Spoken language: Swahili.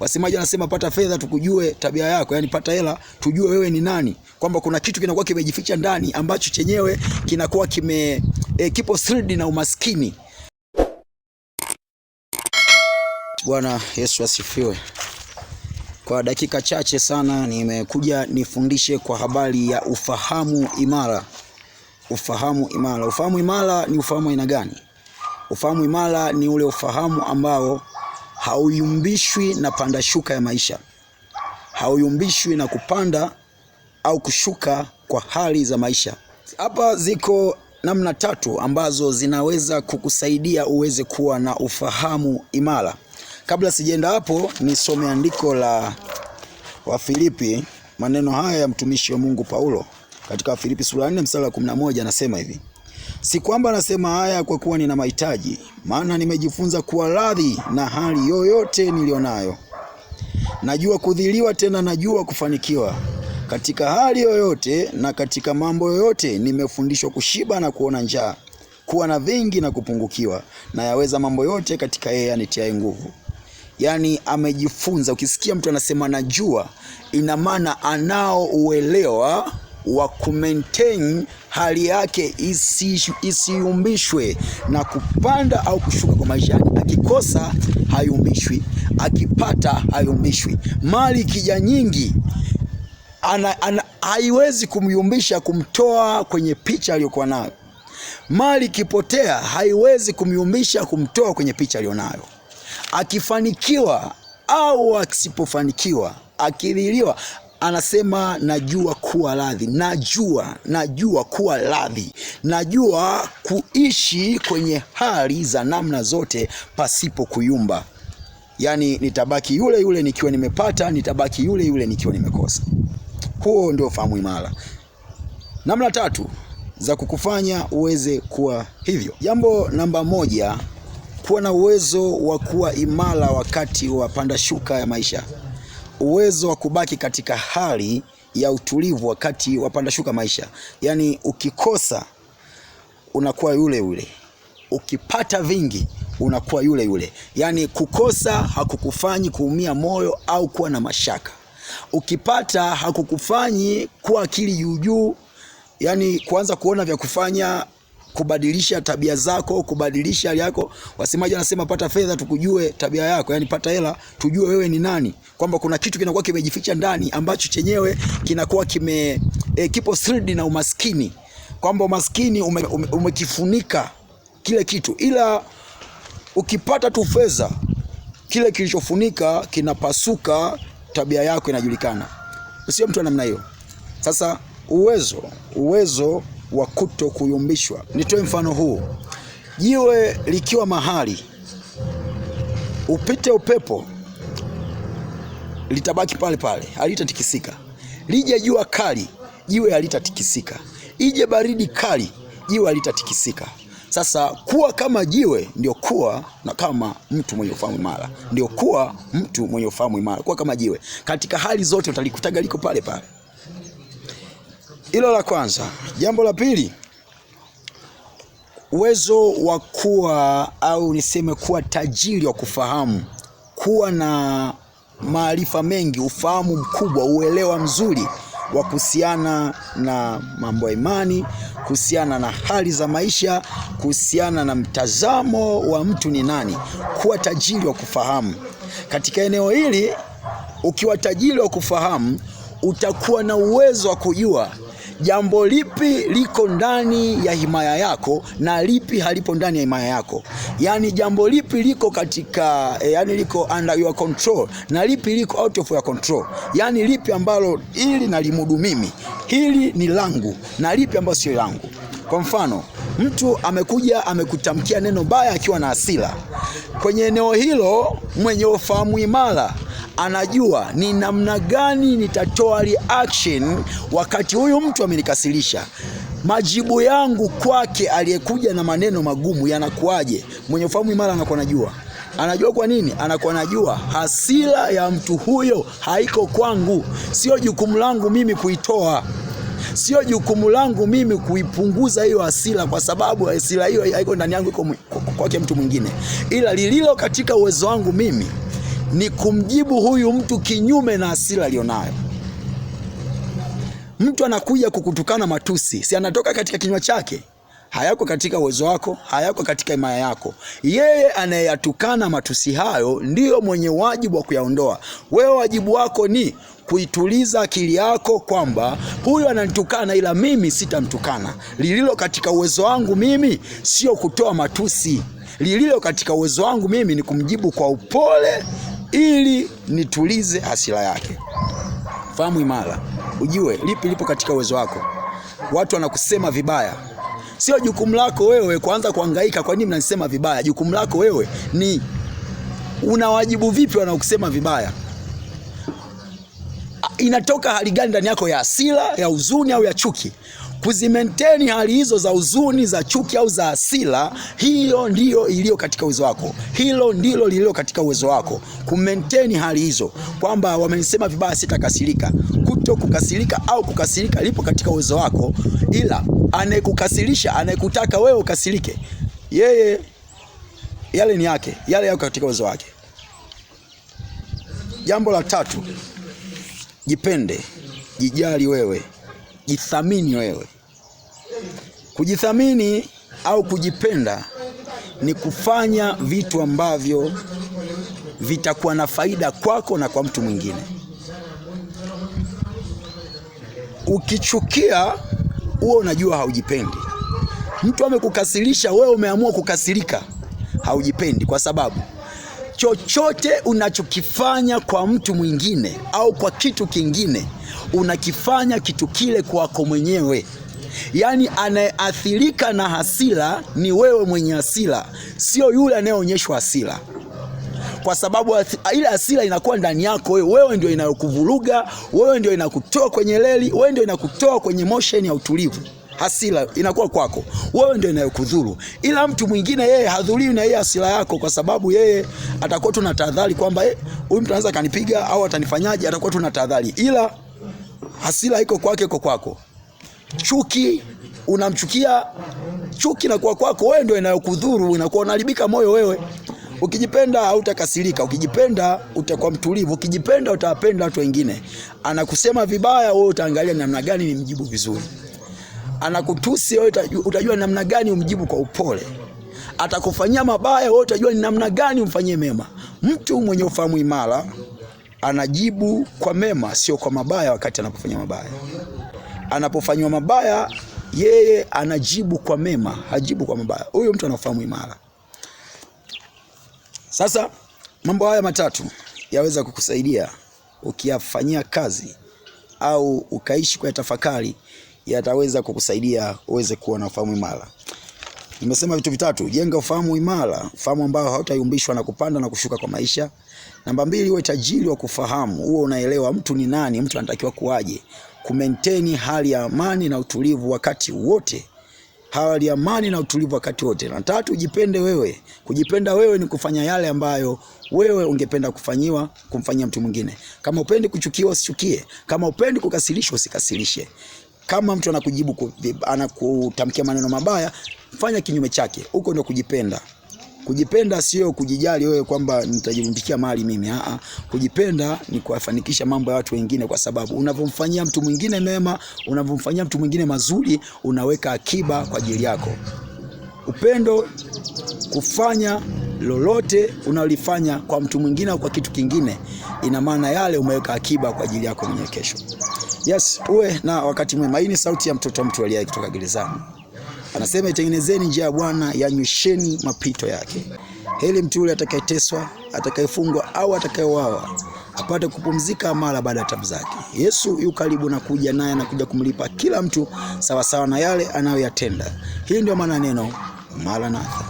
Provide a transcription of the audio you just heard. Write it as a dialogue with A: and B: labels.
A: wasemaji wanasema pata fedha tukujue tabia yako, yani pata hela tujue wewe ni nani, kwamba kuna kitu kinakuwa kimejificha ndani ambacho chenyewe kinakuwa kime e, kipo sridi na umaskini. Bwana Yesu asifiwe. Kwa dakika chache sana nimekuja nifundishe kwa habari ya ufahamu imara. Ufahamu imara, ufahamu imara ni ufahamu aina gani? Ufahamu imara ni ule ufahamu ambao hauyumbishwi na panda shuka ya maisha, hauyumbishwi na kupanda au kushuka kwa hali za maisha. Hapa ziko namna tatu ambazo zinaweza kukusaidia uweze kuwa na ufahamu imara. Kabla sijaenda hapo, nisome andiko la Wafilipi, maneno haya ya mtumishi wa Mungu Paulo katika Wafilipi sura 4 mstari wa 11, anasema hivi: Si kwamba nasema haya kwa kuwa nina mahitaji, maana nimejifunza kuwa radhi na hali yoyote nilionayo. Najua kudhiliwa, tena najua kufanikiwa. Katika hali yoyote na katika mambo yoyote, nimefundishwa kushiba na kuona njaa, kuwa na vingi na kupungukiwa. Na yaweza mambo yote katika yeye anitiaye nguvu. Yaani amejifunza. Ukisikia mtu anasema najua, ina maana anao uelewa wa kumaintain hali yake isiyumbishwe isi na kupanda au kushuka kwa maisha yake. Akikosa hayumbishwi, akipata hayumbishwi. Mali kija nyingi ana, ana, haiwezi kumyumbisha kumtoa kwenye picha aliyokuwa nayo. Mali ikipotea haiwezi kumyumbisha kumtoa kwenye picha aliyonayo. Akifanikiwa au asipofanikiwa, akililiwa anasema najua kuwa radhi, najua najua kuwa radhi, najua kuishi kwenye hali za namna zote pasipo kuyumba. Yaani nitabaki yule yule nikiwa nimepata, nitabaki yule yule nikiwa nimekosa. Huo ndio fahamu imara. Namna tatu za kukufanya uweze kuwa hivyo. Jambo namba moja, kuwa na uwezo wa kuwa imara wakati wa panda shuka ya maisha uwezo wa kubaki katika hali ya utulivu wakati wapanda shuka maisha. Yaani ukikosa unakuwa yule yule, ukipata vingi unakuwa yule yule. Yaani kukosa hakukufanyi kuumia moyo au kuwa na mashaka, ukipata hakukufanyi kuwa akili juujuu, yaani kuanza kuona vya kufanya kubadilisha tabia zako, kubadilisha hali yako. Wasemaji wanasema pata fedha tukujue tabia yako, yani pata hela tujue wewe ni nani, kwamba kuna kitu kinakuwa kimejificha ndani ambacho chenyewe kinakuwa kime e, kipo siri na umaskini, kwamba umaskini umekifunika ume, ume kile kitu, ila ukipata tu fedha, kile kilichofunika kinapasuka, tabia yako inajulikana. Sio mtu wa namna hiyo. Sasa uwezo uwezo wa kuto kuyumbishwa. Nitoe mfano huu: jiwe likiwa mahali upite upepo, litabaki pale pale, halitatikisika. Lije jua kali, jiwe halitatikisika. Ije baridi kali, jiwe halitatikisika. Sasa kuwa kama jiwe ndio kuwa na kama mtu mwenye ufahamu imara, ndio kuwa mtu mwenye ufahamu imara. Kuwa kama jiwe katika hali zote, utalikutaga liko pale pale. Hilo la kwanza. Jambo la pili, uwezo wa kuwa au niseme kuwa tajiri wa kufahamu, kuwa na maarifa mengi, ufahamu mkubwa, uelewa mzuri wa kuhusiana na mambo ya imani, kuhusiana na hali za maisha, kuhusiana na mtazamo wa mtu ni nani, kuwa tajiri wa kufahamu katika eneo hili. Ukiwa tajiri wa kufahamu, utakuwa na uwezo wa kujua jambo lipi liko ndani ya himaya yako na lipi halipo ndani ya himaya yako, yaani jambo lipi liko katika eh, yani liko under your control na lipi liko out of your control, yaani lipi ambalo ili nalimudu mimi, hili ni langu na lipi ambalo sio langu. Kwa mfano mtu amekuja amekutamkia neno baya akiwa na hasira, kwenye eneo hilo mwenye ufahamu imara anajua ni namna gani nitatoa reaction wakati huyu mtu amenikasirisha. Majibu yangu kwake aliyekuja na maneno magumu yanakuwaje? Mwenye ufahamu imara anakuwa anajua anajua kwa nini, anakuwa anajua hasira ya mtu huyo haiko kwangu. Sio jukumu langu mimi kuitoa, sio jukumu langu mimi kuipunguza hiyo hasira, kwa sababu hasira hiyo haiko ndani yangu, iko kwake mtu mwingine, ila lililo katika uwezo wangu mimi ni kumjibu huyu mtu kinyume na asira aliyonayo. Mtu anakuja kukutukana matusi, si anatoka katika kinywa chake, hayako katika uwezo wako, hayako katika imaya yako. Yeye anayeyatukana matusi hayo ndiyo mwenye wajibu wa kuyaondoa. Wewe wajibu wako ni kuituliza akili yako kwamba huyu ananitukana, ila mimi sitamtukana. Lililo katika uwezo wangu mimi sio kutoa matusi, lililo katika uwezo wangu mimi ni kumjibu kwa upole ili nitulize hasira yake. Fahamu imara, ujue lipi lipo katika uwezo wako. Watu wanakusema vibaya, sio jukumu lako wewe kuanza kuhangaika, kwa nini mnanisema vibaya? Jukumu lako wewe ni unawajibu vipi wanaokusema vibaya. Inatoka hali gani ndani yako, ya hasira, ya huzuni au ya chuki? kuzimenteni hali hizo za huzuni, za chuki au za hasira, hiyo ndiyo iliyo katika uwezo wako. Hilo ndilo lililo katika uwezo wako, kumenteni hali hizo, kwamba wamenisema vibaya, sitakasirika. Kuto kukasirika au kukasirika lipo katika uwezo wako, ila anayekukasirisha, anayekutaka wewe ukasirike, yeye yale ni yake, yale yako katika uwezo wake. Jambo la tatu, jipende, jijali wewe jithamini wewe. Kujithamini au kujipenda ni kufanya vitu ambavyo vitakuwa na faida kwako na kwa mtu mwingine. Ukichukia huo, unajua haujipendi. Mtu amekukasirisha wewe, umeamua kukasirika, haujipendi kwa sababu chochote unachokifanya kwa mtu mwingine au kwa kitu kingine, unakifanya kitu kile kwako mwenyewe. Yaani, anayeathirika na hasira ni wewe mwenye hasira, sio yule anayeonyeshwa hasira, kwa sababu ile hasira inakuwa ndani yako wewe. Wewe ndio inayokuvuruga, wewe ndio inakutoa kwenye reli, wewe ndio inakutoa kwenye motion ya utulivu hasira inakuwa kwako wewe, ndio inayokudhuru, ila mtu mwingine yeye hadhuriwi na yeye hasira yako, kwa sababu yeye atakuwa tu na tahadhari kwamba eh, huyu mtu anaweza kanipiga au atanifanyaje, atakuwa tu na tahadhari, ila hasira iko kwake, iko kwako. Chuki unamchukia, chuki inakuwa kwako, wewe ndio inayokudhuru, inakuwa unaharibika moyo wewe. Ukijipenda hautakasirika, ukijipenda utakuwa mtulivu, ukijipenda utawapenda watu wengine. Anakusema vibaya, wewe utaangalia namna gani ni mjibu vizuri anakutusi wewe, utajua namna gani umjibu kwa upole. Atakufanyia mabaya wewe, utajua ni namna gani umfanyie mema. Mtu mwenye ufahamu imara anajibu kwa mema, sio kwa mabaya. Wakati anapofanya mabaya, anapofanywa mabaya, yeye anajibu kwa mema, hajibu kwa mabaya. Huyo mtu anafahamu imara. Sasa mambo haya matatu yaweza kukusaidia ukiyafanyia kazi au ukaishi kwa tafakari yataweza kukusaidia uweze kuwa na ufahamu imara. Nimesema vitu vitatu: jenga ufahamu imara, ufahamu ambao hautayumbishwa na kupanda na kushuka kwa maisha. Namba mbili, uwe tajiri wa kufahamu, uwe unaelewa mtu ni nani, mtu anatakiwa kuwaje, kumaintain hali ya amani na utulivu wakati wote hali ya amani na utulivu wakati wote. Na tatu, jipende wewe. Kujipenda wewe ni kufanya yale ambayo wewe ungependa kufanyiwa kumfanyia mtu mwingine. Kama upendi kuchukiwa, usichukie. Kama upendi kukasirishwa, usikasirishe. Kama mtu anakujibu anakutamkia maneno mabaya, fanya kinyume chake. Huko ndio kujipenda. Kujipenda sio kujijali wewe kwamba nitajirundikia mali mimi. Aa, kujipenda ni kuwafanikisha mambo ya watu wengine, kwa sababu unavyomfanyia mtu mwingine mema, unavyomfanyia mtu mwingine mazuri, unaweka akiba kwa ajili yako. Upendo kufanya lolote unalifanya kwa mtu mwingine au kwa kitu kingine, ina maana yale umeweka akiba kwa ajili yako mwenyewe kesho. Yes, uwe na wakati mwema. Hii ni sauti ya mtoto mtu aliye kutoka gerezani, anasema itengenezeni njia ya Bwana, yanywesheni mapito yake. heli mtu yule atakayeteswa, atakayefungwa au atakayeuawa, apate kupumzika mara baada ya tabu zake. Yesu yu karibu na kuja, naye anakuja kumlipa kila mtu sawasawa na yale anayoyatenda. Hii ndio maana neno Maranatha.